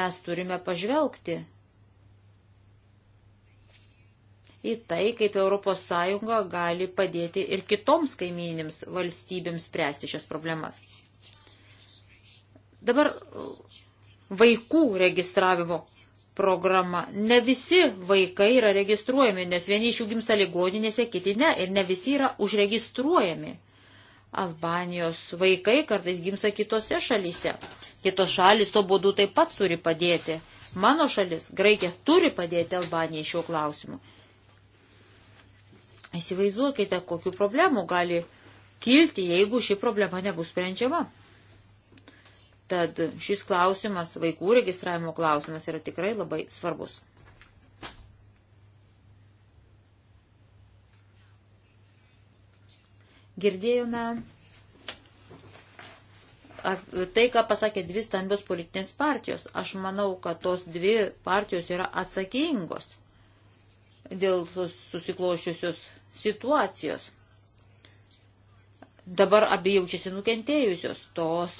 Mes turime pažvelgti į tai, kaip ES gali padėti ir kitoms kaimynims valstybėms spręsti šias problemas. Dabar vaikų registravimo programa. Ne visi vaikai yra registruojami, nes vieni iš jų gimsta ligoninėse, kiti ne, ir ne visi yra užregistruojami. Albanijos vaikai kartais gimsta kitose šalyse. Kitos šalis to būdu taip pat turi padėti. Mano šalis, Graikija, turi padėti Albanijai šiuo klausimu. Įsivaizduokite, kokiu problemu gali kilti, jeigu ši problema nebus sprendžiama. Tad šis klausimas, vaikų registravimo klausimas, yra tikrai labai svarbus. Girdėjome tai, ką pasakė dvi stambios politinės partijos. Aš manau, kad tos dvi partijos yra atsakingos dėl susiklošiusios situacijos. Dabar abi jaučiasi nukentėjusios. Tos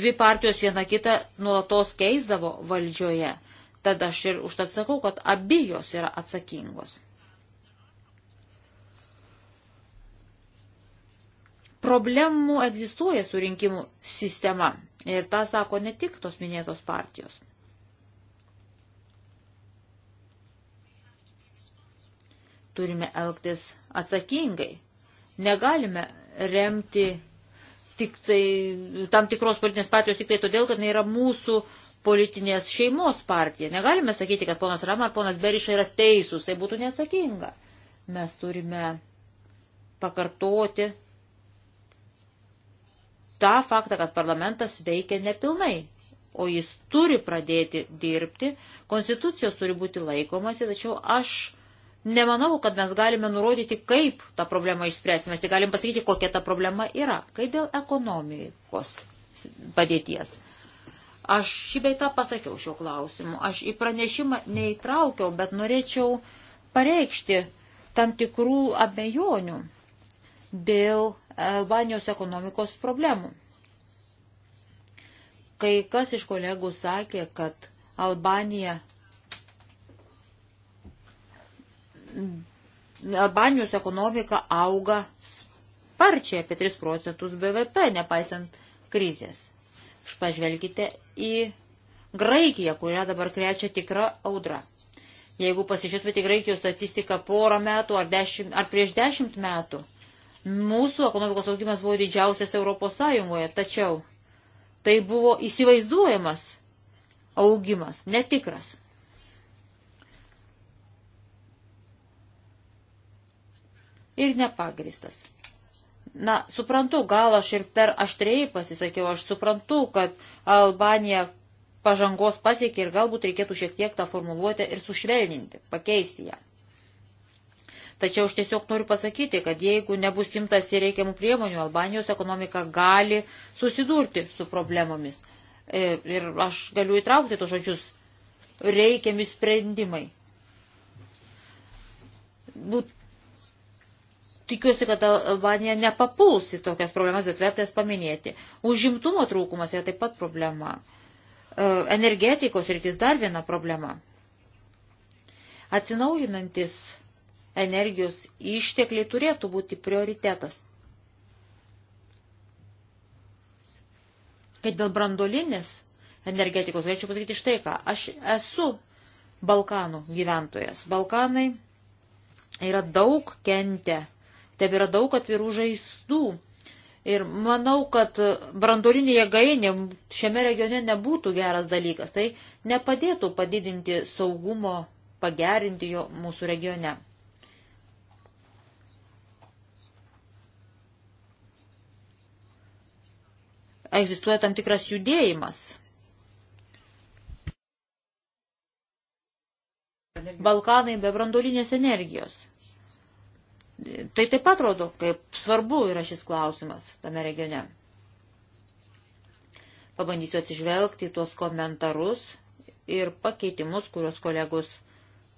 dvi partijos viena kitą nuolatos keisdavo valdžioje. Tad aš ir užtat sakau, kad abi jos yra atsakingos. Problemų egzistuoja su rinkimų sistema ir tą sako ne tik tos minėtos partijos. Turime elgtis atsakingai. Negalime remti tik tai, tam tikros politinės partijos tik tai todėl, kad tai yra mūsų politinės šeimos partija. Negalime sakyti, kad ponas Rama ar ponas Beriša yra teisūs, tai būtų neatsakinga. Mes turime pakartoti tą faktą, kad parlamentas veikia nepilnai, o jis turi pradėti dirbti, konstitucijos turi būti laikomasi, tačiau aš nemanau, kad mes galime nurodyti, kaip tą problemą išspręsime, mes tik galim pasakyti, kokia ta problema yra, kai dėl ekonomikos padėties. Aš šį beitą pasakiau šiuo klausimu, aš į pranešimą neįtraukiau, bet norėčiau pareikšti tam tikrų abejonių dėl Albanijos ekonomikos problemų. Kai kas iš kolegų sakė, kad Albanija Albanijos ekonomika auga sparčiai apie 3 procentus BVP, nepaisant krizės. Pažvelkite į Graikiją, kurią dabar krečia tikra audra. Jeigu pasižiūrėtumėte į Graikijos statistiką porą metų ar, dešimt, ar prieš dešimt metų, Mūsų ekonomikos augimas buvo didžiausias Europos Sąjungoje, tačiau tai buvo įsivaizduojamas augimas, netikras. Ir nepagristas. Na, suprantu, gal aš ir per aštriai pasisakiau, aš suprantu, kad Albanija pažangos pasiekė ir galbūt reikėtų šiek tiek tą formuluotę ir sušvelninti, pakeisti ją. Tačiau aš tiesiog noriu pasakyti, kad jeigu nebus imtas į reikiamų priemonių, Albanijos ekonomika gali susidurti su problemomis. E, ir aš galiu įtraukti tos žodžius reikiami sprendimai. Būt, nu, tikiuosi, kad Albanija nepapuls į tokias problemas, bet vertės paminėti. Užimtumo trūkumas yra taip pat problema. E, energetikos rytis dar viena problema. Atsinaujinantis energijos ištekliai turėtų būti prioritetas. Kad dėl brandolinės energetikos, galėčiau pasakyti štai ką, aš esu Balkanų gyventojas. Balkanai yra daug kentę, tebe yra daug atvirų žaizdų. Ir manau, kad brandolinė jėgainė šiame regione nebūtų geras dalykas. Tai nepadėtų padidinti saugumo, pagerinti jo mūsų regione. egzistuoja tam tikras judėjimas. Balkanai be brandolinės energijos. Tai taip pat rodo, kaip svarbu yra šis klausimas tame regione. Pabandysiu atsižvelgti tuos komentarus ir pakeitimus, kuriuos kolegos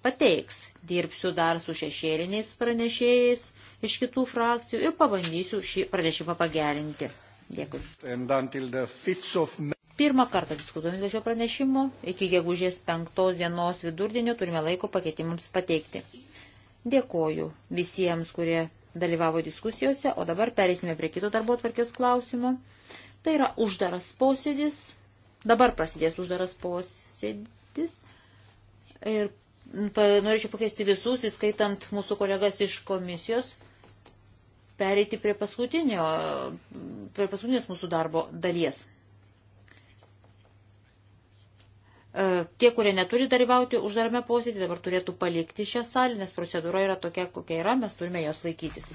pateiks. Dirbsiu dar su šešėliniais pranešėjais iš kitų frakcijų ir pabandysiu šį pranešimą pagerinti. Dėkui. Pirmą kartą diskutuojame dėl šio pranešimo. Iki gegužės penktos dienos vidurdienio turime laiko pakeitimams pateikti. Dėkoju visiems, kurie dalyvavo diskusijose, o dabar perėsime prie kito darbo tvarkės klausimo. Tai yra uždaras posėdis. Dabar prasidės uždaras posėdis. Ir norėčiau pakeisti visus, įskaitant mūsų kolegas iš komisijos pereiti prie, prie paskutinės mūsų darbo dalies. E, tie, kurie neturi dalyvauti uždarame posėdį, dabar turėtų palikti šią salę, nes procedūra yra tokia, kokia yra, mes turime jos laikytis.